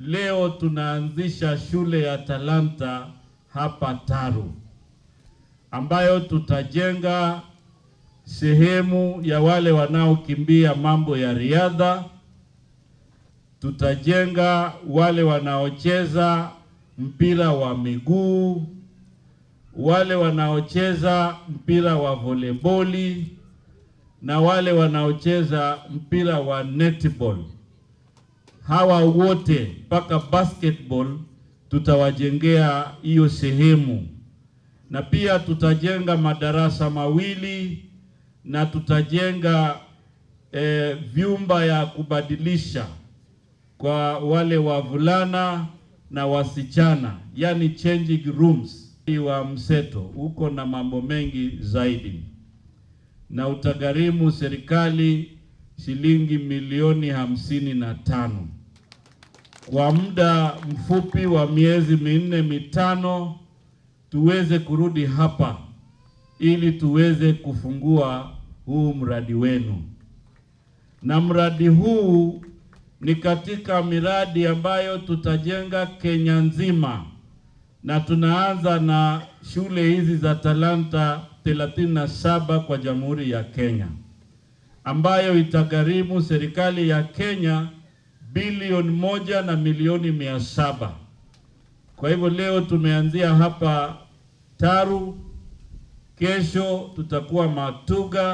Leo tunaanzisha shule ya talanta hapa Taru ambayo tutajenga sehemu ya wale wanaokimbia mambo ya riadha, tutajenga wale wanaocheza mpira wa miguu, wale wanaocheza mpira wa voleboli na wale wanaocheza mpira wa netball. Hawa wote mpaka basketball tutawajengea hiyo sehemu, na pia tutajenga madarasa mawili na tutajenga e, vyumba ya kubadilisha kwa wale wavulana na wasichana, yani changing rooms wa mseto huko, na mambo mengi zaidi, na utagharimu serikali shilingi milioni hamsini na tano kwa muda mfupi wa miezi minne mitano, tuweze kurudi hapa ili tuweze kufungua huu mradi wenu, na mradi huu ni katika miradi ambayo tutajenga Kenya nzima, na tunaanza na shule hizi za talanta 37 kwa Jamhuri ya Kenya ambayo itagharimu serikali ya Kenya bilioni moja na milioni mia saba. Kwa hivyo leo tumeanzia hapa Taru Kesho tutakuwa Matuga.